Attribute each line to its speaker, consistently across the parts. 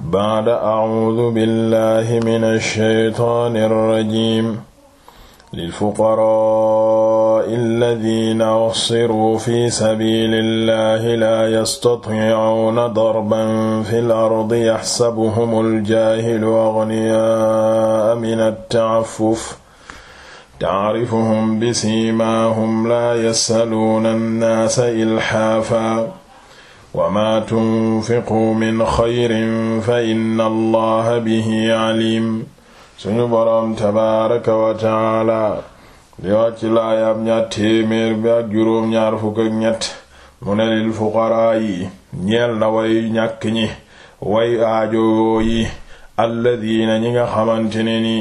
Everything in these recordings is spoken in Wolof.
Speaker 1: baada acuudu billahi min alshaytaani alrajim lilfuqaraai alladina uxsiruu fi sabili illahi laa yastatiicuuna darban fi lardi yaxsabuhum aljahilu agniyaaa min altacafuf tacrifuhum bisiimaahum laa yasaluuna annaasa ilxaafa wa ma tunfiqu min xayrin fa inna allaha bihi alim suñu boroom tabaaraka wa taala di wàcc laayaam ñaar téeméer bi ak juróom ñaar fukk ñett mu ne lil fuqaraa ñeel na way ñàkk ñi way aajo yi alladiina ñi nga xamante ni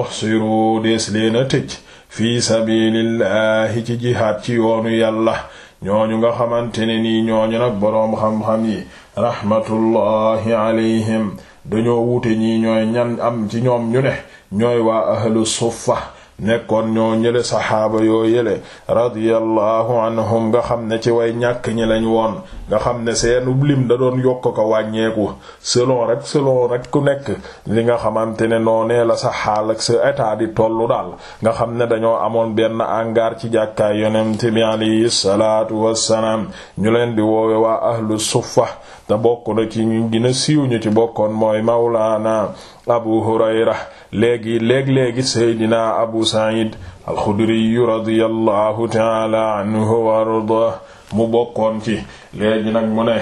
Speaker 1: uhsiru dees leena tëj fii sabiilillaahi ci jihaad ci yoonu yàlla ñu nga xamante ne nii ñoo ñooñu nag boroom xam-xam yi rahmatullahi alayhim dañoo wuute ñii ñooy ñan am ci ñoom ñu ne ñooy waa ahlu suffa nekkoon ñoo ñële saxaaba yoo yële radiyallahu anhum nga xam ne ci way ñàkk ñi lañ woon nga xam ne seenu lim da doon yokk ko wàññeeku selon rek selon rek ku nekk li nga xamante ne noonee la sa xaal ak sa état di tollu daal nga xam ne dañoo amoon benn angaar ci jàkkaay yonent bi alayhi salaatu wassalaam ñu leen di woowe waa ahlu suffa te bokk na ci ñu gën siiw ñu ci bokkoon mooy mawlaana abu hurayra léegi léeg-léegi seydina abu said alxudriyu radiyallahu taala anhu wa arda mu bokkoon ci léegi nag mu ne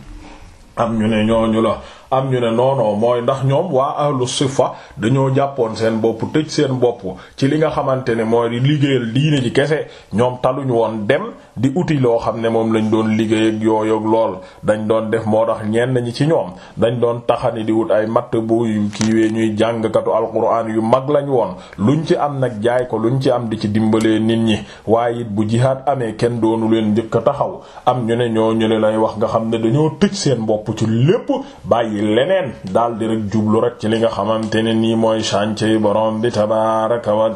Speaker 1: am ñu ne ñooñu la am ñu ne noonoo mooy ndax ñoom waa ahlu sifa dañoo jàppoon seen bopp tëj seen bopp ci li nga xamante ne mooy di liggéeyal diine ji kese ñoom taluñu woon dem di uti loo xam ne moom lañ doon liggéey ak yooyu ak lool dañ doon def moo ñenn ñi ci ñoom dañ doon taxani di wut ay matt bu kiiwee ñuy jàngkatu alquran yu mag lañu woon luñ ci am nag jaay ko lu luñ ci am di ci dimbalee nit ñi waaye it bu jihaad amee kenn doonu leen njëkk a taxaw am ñu ne ñoo ñu ne lay wax nga xam ne dañoo tëj seen bopp ci lépp bàyyi leneen daldi rek jublu rek ci li nga xamante ne nii mooy chantier borom bi tabaaraka wa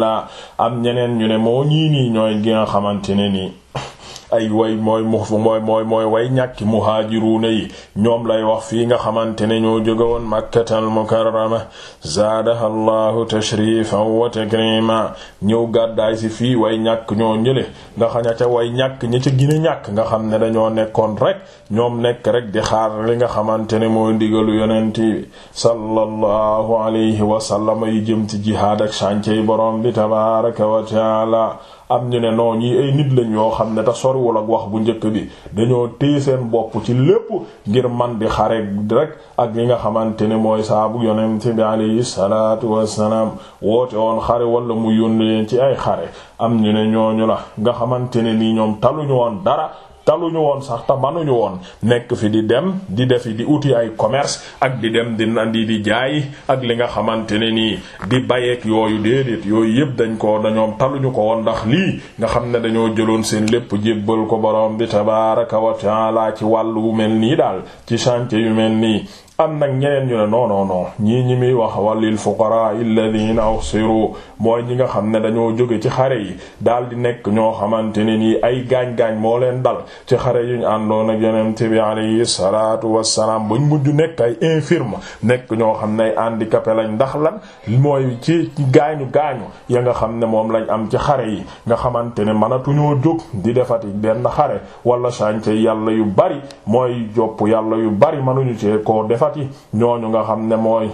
Speaker 1: la am ñeneen ñu ne moo ñii nii ñooy gi nga xamante ne nii ay way mooy mu mooy mooy mooy way ñàkki muhaajiruuna yi ñoom lay wax fii nga xamante ne ñoo jóge woon makkatal mukarrama zaadaha allahu tashrifan wa takrima ñëw gàddaay si fii way ñàkk ñoo ñële nga xaña ca way ñàkk ña ca gine ñàkk nga xam ne dañoo nekkoon rek ñoom nekk rek di xaar li nga xamante ne mooy ndigalu yonent bi sallallahu alayhi wa sallam yi jëm ci jihaad ak sànce yi boroom bi tabaraka wa taala am ñu ne noo ñi ay nit lañ yoo xam ne te soriwul ak wax bu njëkk bi dañoo téye seen bopp ci lépp ngir man di xare rek ak li nga xamante ne mooy saabu yonent bi alayhi salaatu wassalaam woote woon xare wala mu yónni leen ci ay xare am ñu ne ñooñu la nga xamante ne nii ñoom taluñu woon dara taluñu woon sax te manuñu woon nekk fi di dem di defi di uti ay commerce ak di dem di nandi di jaay ak li nga xamante ne nii di bayeek yooyu déedéet yooyu yëpp dañ ko dañoom ñu ko woon ndax lii nga xam ne dañoo jëloon seen lépp jébbal ko borom bi tabaaraka wa taala ci wàllu bu mel nii daal ci chantier yu mel nii am nag ñeneen ñu ne non non non ñii ñi muy wax walil fuqara alladhina usiru mooy ñi nga xam ne dañoo jóge ci xare yi daal di nekk ñoo xamante ne nii ay gaañ-gaañ moo leen dal ci xare yuñ àndoon ak yonent bi alayhi salaatu wassalaam bañ mujj nekk ay infirme nekk ñoo xam ne ay handicapé lañ ndax lan mooy ci gaañu gaañu ya nga xam ne moom lañ am ci xare yi nga xamante ne mënatuñoo jóg di defati benn xare wala chantier yàlla yu bari mooy jopp yu bari mënuñu xalifati ñooñu nga xam ne mooy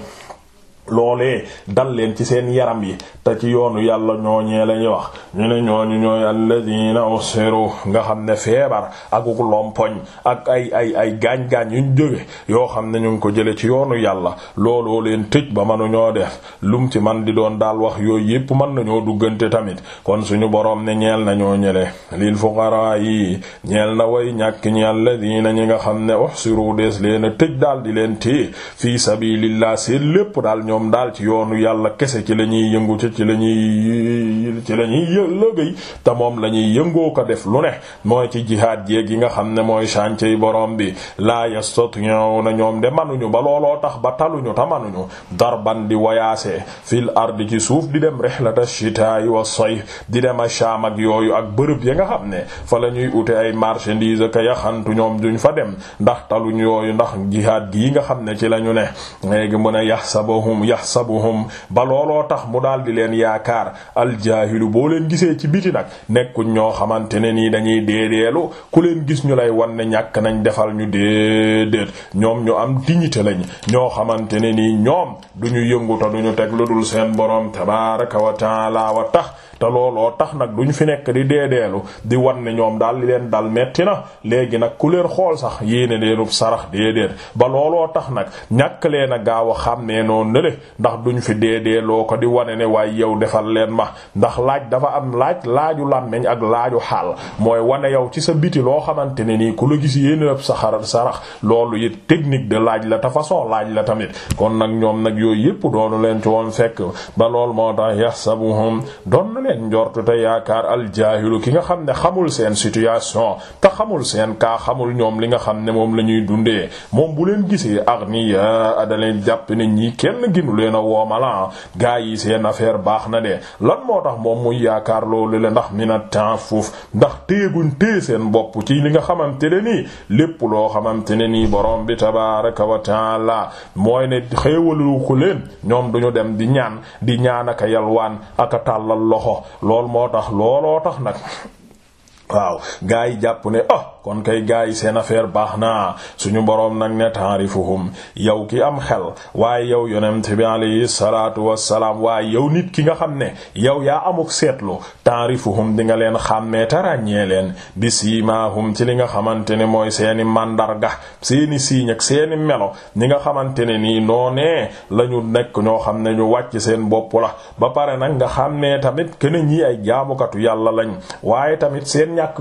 Speaker 1: loolee dal leen ci seen yaram yi te ci yoonu yàlla ñoo la ñuy wax ñu ne ñooñu ñooy alladina usiru nga xam ne feebar ak lompoñ ak ay ay ay gaañ-gaañ yuñ jóge yoo xam ne ñu ngi ko jële ci yoonu yàlla looloo leen tëj ba manu ñoo def lum ci man di doon daal wax yooyu yépp mën nañoo duggante tamit kon suñu boroom ne ñeel na ñoo ñële lil fuqaraa yi ñeel na way ñàkk ñi alladina ñi nga xam ne usiru dees leen a tëj daal di leen téye fii sabilillah seen lépp daal ñoom ñoom daal ci yoonu yàlla kese ci la ñuy yëngu ci ci la ñuy ci la ñuy lëgëy te moom la ñuy yëngoo ko def lu ne mooy ci jihaad jéeg yi nga xam ne mooy chantier yi borom bi laa na ñoom de manuñu ba looloo tax ba taluñu ta manuñu darban di wayaase fil ardi ci suuf di dem rihlata shitaa'i wa soy di dem a Shaam yooyu ak bërëb ya nga xam ne fa la ñuy ute ay marchandise ka yaxantu ñoom duñ fa dem ndax taluñu yooyu ndax jihaad gi nga xam ne ci lañu ne léegi mu ne hum yahsabuhum ba looloo tax mu daal di leen yaakaar aljaahilu boo leen gisee ci biti nag nekkuñ ñoo xamante ne nii dañuy déedeelu ku leen gis ñu lay wan ne ñàkk nañ defal ñu déedéet ñoom ñu am dignité lañ ñoo xamante ne nii ñoom duñu yënguta duñu teg lu dul seen boroom tabaraka wa taala wa tax te looloo tax nag duñu fi nekk di deedeelu di wan ne ñoom daal di leen dal metti na léegi nag ku leen xool sax yéene leenub sarax déedéet ba looloo tax nag ñàkk leen a gaaw xam ne ndax duñ fi deedee loo ko di wane ne waaye yow defal leen ma ndax laaj dafa am laaj laaju làmmiñ ak laaju xaal mooy wane yow ci sa biti loo xamante ne nii ku la gis yéen a sa xaral sarax loolu it technique de laaj la ta façon laaj la tamit kon nag ñoom nag yooyu yëpp doonu leen ci woon fekk ba lool moo tax yaxsabuhum doon na leen njortu te yaakaar aljahilu ki nga xam ne xamul seen situation xamul seen kaa xamul ñoom li nga xam ne moom la ñuy dundee moom bu leen gisee aghniya da leen jàpp ne ñii kenn ginu leen a woomala gaa yi seen affaire baax na de lan moo tax moom muy yaakaar loolu le ndax mi na temps foofu ndax téeguñ tée seen bopp ci li nga xamante ne nii lépp loo xamante ne nii borom bi tabaraka wa taala mooy ne xéewalu leen ñoom duñu dem di ñaan di ñaan aka yalwaan aka tàllal loxo lool moo tax looloo tax nag waaw gaa yi jàpp ne oh kon kay gars yi seen affaire baax naa suñu boroom nag ne taarifuhum yow ki am xel waaye yow yonent bi alayhi salaatu wassalaam waaye yow nit ki nga xam ne yow yaa amuk seetlu taarifuhum di nga leen xàmmee te ràññee leen bi siimaahum ci li nga xamante ne mooy seeni màndarga seeni siiñ ak seeni melo ñi nga xamante ne nii noonee la ñu nekk ñoo xam ne ñu wàcc seen bopp la ba pare nag nga xàmmee tamit kën a ñii ay jaabukatu yàlla lañ waaye tamit seen ñàkk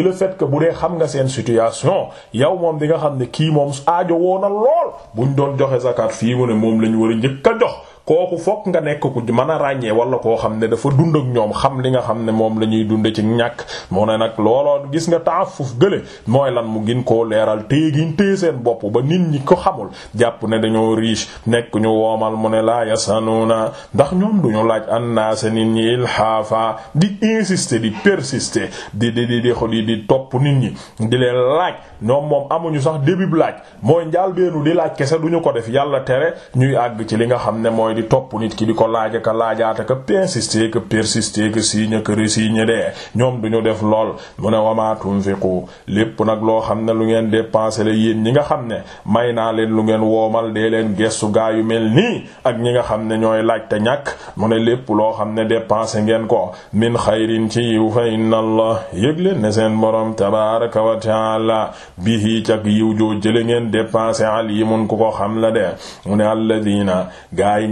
Speaker 1: ci le fait que bu dee xam nga seen situation yow moom di nga xam ne kii moom aajo woona lool bu ñu doon joxe zakat fii mu ne moom lañ war a njëkk a jox kooku fokk nga nekk ku man a ràññee wala koo xam ne dafa dund ak ñoom xam li nga xam ne moom la ñuy dund ci ñàkk moo ne nag looloo gis nga taafuf gële mooy lan mu gin koo leeral téye giñ téye seen bopp ba nit ñi ko xamul jàpp ne dañoo riche nekk ñu woomal mu ne laa yasanuuna ndax ñoom duñu laaj annaasa nit ñi ilhaafa di insister di persister di di di di di topp nit ñi di leen laaj ñoom moom amuñu sax début laaj mooy njaal beenu di laaj kese duñu ko def yàlla tere ñuy àgg ci li nga xam ne mooy mooy di topp nit ki di ko laaj ka laajaata ka persister ka persister ka signé ka resigné de ñoom duñu def lool mu ne wama tunfiqu lépp nag loo xam ne lu ngeen dépenser la yéen ñi nga xam ne may naa leen lu ngeen woomal dee leen gestu gaa yu mel nii ak ñi nga xam ne ñooy laaj te ñàkk mu ne lépp loo xam ne dépenser ngeen ko min xayrin ci yiw fa inna allah yëg leen ne seen borom tabaraka wa taala bihi cak yiw joo jële ngeen dépenser alimun ku ko xam la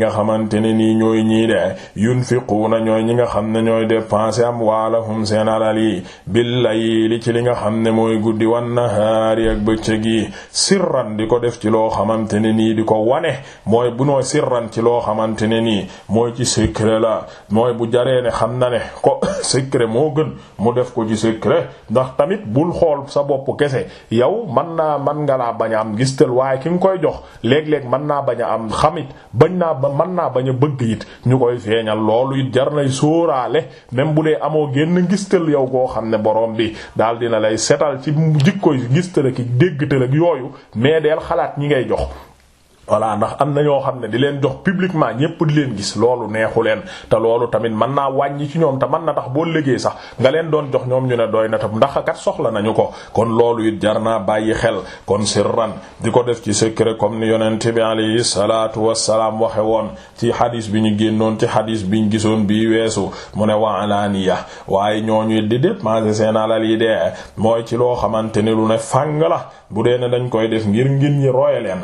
Speaker 1: nga xamante ne nii ñooy ñii de yunfiquuna ñooy ñi nga xam ne ñooy dépenser am waalahum seen alal yi billayli ci li nga xam ne mooy guddi wan nahaari ak bëccëg yi sirran di ko def ci loo xamante ne nii di ko wane mooy bu nooy sirran ci loo xamante ne nii mooy ci secret la mooy bu jaree ne xam na ne ko secret moo gën mu def ko ci secret ndax tamit bul xool sa bopp kese yow man naa man nga laa bañ am gis waaye ki nga koy jox léeg-léeg man am xamit naa man naa bañ a bëgg it ñu koy feeñal loolu jar nay sóoraale même bu dee amoo génn ngistal yow koo xam ne borom bi daal na lay setal ci jikkooy ngistal ak dégg te ak yooyu mais deel xalaat ñi ngay jox voilà ndax am na ñoo xam ne di leen jox publiquement ñépp di leen gis loolu neexu leen te loolu tamit mën naa wàññi ci ñoom te man na tax boo liggéey sax nga leen doon jox ñoom ñu ne doy na tam ndax kat soxla nañu ko kon loolu it jar naa bàyyi xel kon sirran di ko def ci secret comme ni yonent bi alayhi salaatu wassalaam waxe woon ci hadis bi ñu génnoon ci hadis bi ñu gisoon bii weesu mu ne wa alaaniya waaye ñoo ñooñu di dépenser seen alal yi de mooy ci loo xamante ne lu ne fàng la bu dee ne dañ koy def ngir ngir ñi roye leen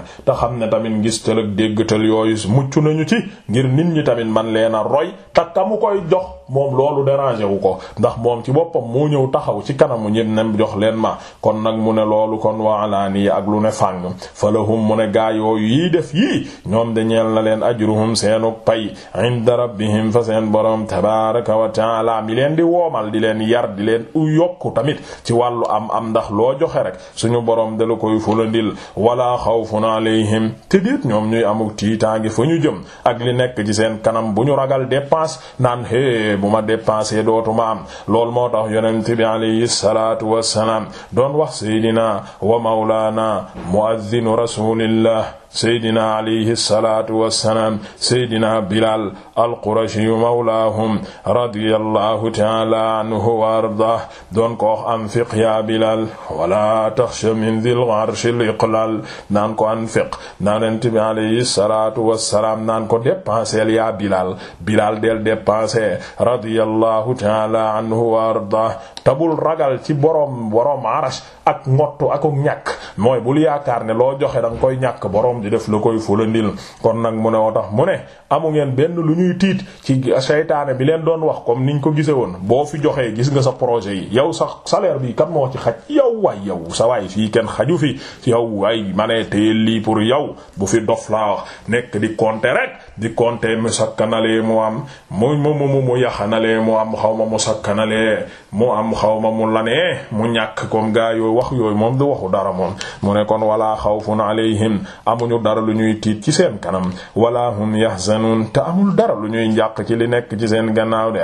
Speaker 1: ngistal ak déggtal yooyu mucc nañu ci ngir nit ñi tamit man leen a roy takka mu koy jox moom loolu déranger wu ko ndax moom ci boppam moo ñëw taxaw ci kanamu ñépp nem jox leen ma kon nag mu ne loolu kon waalaani ak lu ne fàng falahum mu ne gaa yooyu yi def yii ñoom de ñeel na leen ajruhum seenu pay inda rabbihim fa seen borom tabaraka wa taala mi leen di woomal di leen yar di leen u yokk tamit ci wàllu am am ndax loo joxe rek suñu boroom de la koy fulandil wala xawfun alayhim déet ñoom ñuy amuk tiitaange fa ñu jëm ak li nekk ci seen kanam bu ñu ragal dépense naan hé bu ma dépensé dootuma am loolu moo tax yonent bi alayhi salaatu wassalaam doon wax seydina wa mawlaana muazzinu rasulillah seydina alayhi salaatu wassalaam seydina bilal alqurashiyu mawlaahum radiyallahu taala anhu wa ardah doon ko wax ya bilal wala taxsha min dil arshi liqlal naan ko anfiq naanent bi alayhi salaatu wassalaam naan ko dépensel ya bilal bilal del dépensé radiyallahu taala anhu wa ardah tabul ragal ci borom borom arash ak ngottu ak ñàkk mooy bul yaakaar ne loo joxe danga koy ñàkk borom di def lu koy fulandil kon nag mu ne woo tax mu ne amu ngeen benn lu ñuy tiit ci seytaane bi leen doon wax comme niñ ko gisee woon boo fi joxee gis nga sa projet yi yow sa salaire bi kan moo ci xaj yow waay yow sa waay fii kenn xaju fi yow waaye ma ne lii pour yow bu fi dof laa wax nekk di compter rek di compter mu sakkanalee mu am mu mu mu mu yaxanalee mu am xaw ma mu sakkanalee mu am xaw ma mu lanee mu ñàkk comme gaa yooyu wax yooyu moom du waxu dara moom mu ne kon wala xawfun alayhim amuñu dara lu ñuy tiit ci seen kanam wala hum yahzanun te amul dara lu ñuy njàq ci li nekk ci seen gannaaw de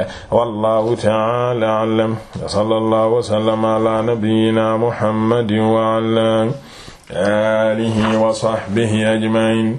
Speaker 1: ta'ala a'lam sallallahu wa sallama ala nabiyyina muhammadin wa ala alihi wa ajma'in